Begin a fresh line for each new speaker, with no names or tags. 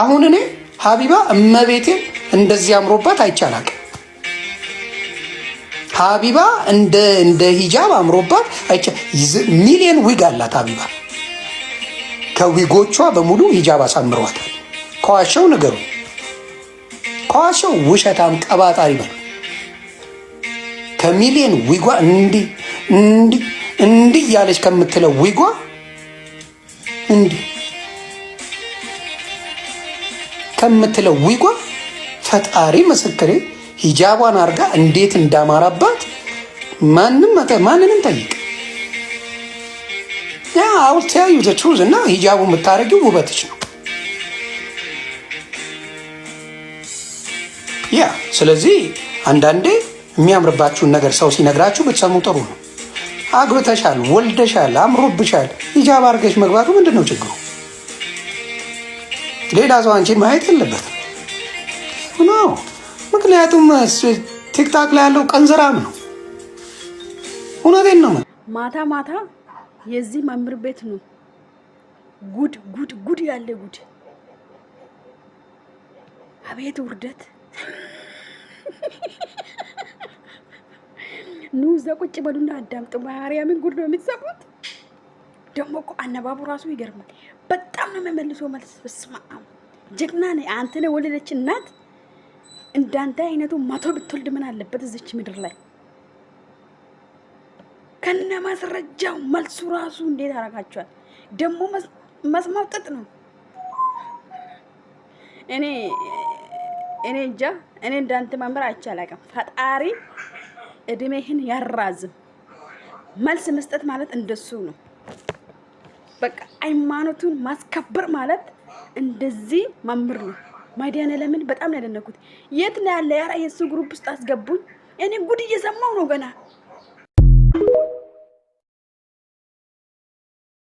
አሁን እኔ ሀቢባ እመቤቴ እንደዚህ አምሮባት አይቻላቅ ሀቢባ እንደ እንደ ሂጃብ አምሮባት አይቻ ሚሊየን ዊግ አላት ሀቢባ። ከዊጎቿ በሙሉ ሂጃብ አሳምሯታል። ከዋሸው ነገሩ ከዋሸው ውሸታም ቀባጣሪ በሉ። ከሚሊየን ዊጓ እንዲህ እንዲህ እንዲህ እያለች ከምትለው ዊጓ እንዲህ ከምትለው ዊጓ ፈጣሪ ምስክሬ ሂጃቧን አርጋ እንዴት እንዳማራባት ማንም ማንንም ጠይቅ። አውል ዘችሩዝ እና ሂጃቡ የምታደርጊው ውበትች ነው። ያ ስለዚህ አንዳንዴ የሚያምርባችሁን ነገር ሰው ሲነግራችሁ ብትሰሙ ጥሩ ነው። አግብተሻል፣ ወልደሻል፣ አምሮብሻል ሂጃብ አድርገሽ መግባቱ ምንድን ነው ችግሩ? ሌላ ሰው አንቺን ማየት የለበትም። ኖ ምክንያቱም ቲክታክ ላይ ያለው ቀንዘራም ነው። እውነቴን ነው።
ማታ ማታ የዚህ መምህር ቤት ነው ጉድ ጉድ ጉድ ያለ ጉድ። አቤት ውርደት! ኑ እዛ ቁጭ በሉና አዳምጡ። ማርያምን ጉድ ነው የምትሰሙት። ደግሞ እኮ አነባቡ ራሱ ይገርማል። ነው የሚመልሰው መልስ። በስመ አብ ጀግና ነኝ። አንተን ወለደች እናት እንዳንተ አይነቱ መቶ ብትወልድ ምን አለበት እዚች ምድር ላይ ከነ ማስረጃው መልሱ ራሱ እንዴት አደርጋችኋል? ደግሞ መስማው ነው። እኔ እኔ እንጃ እኔ እንዳንተ መምር አይቻላቅም። ፈጣሪ እድሜህን ያራዝም። መልስ መስጠት ማለት እንደሱ ነው። በቃ ሃይማኖቱን ማስከበር ማለት እንደዚህ መምህር ነው። ለምን በጣም ነው ያደነኩት። የት ነው ያለ? ያራ የሱ ግሩፕ ውስጥ አስገቡኝ። እኔ ጉድ እየሰማው ነው ገና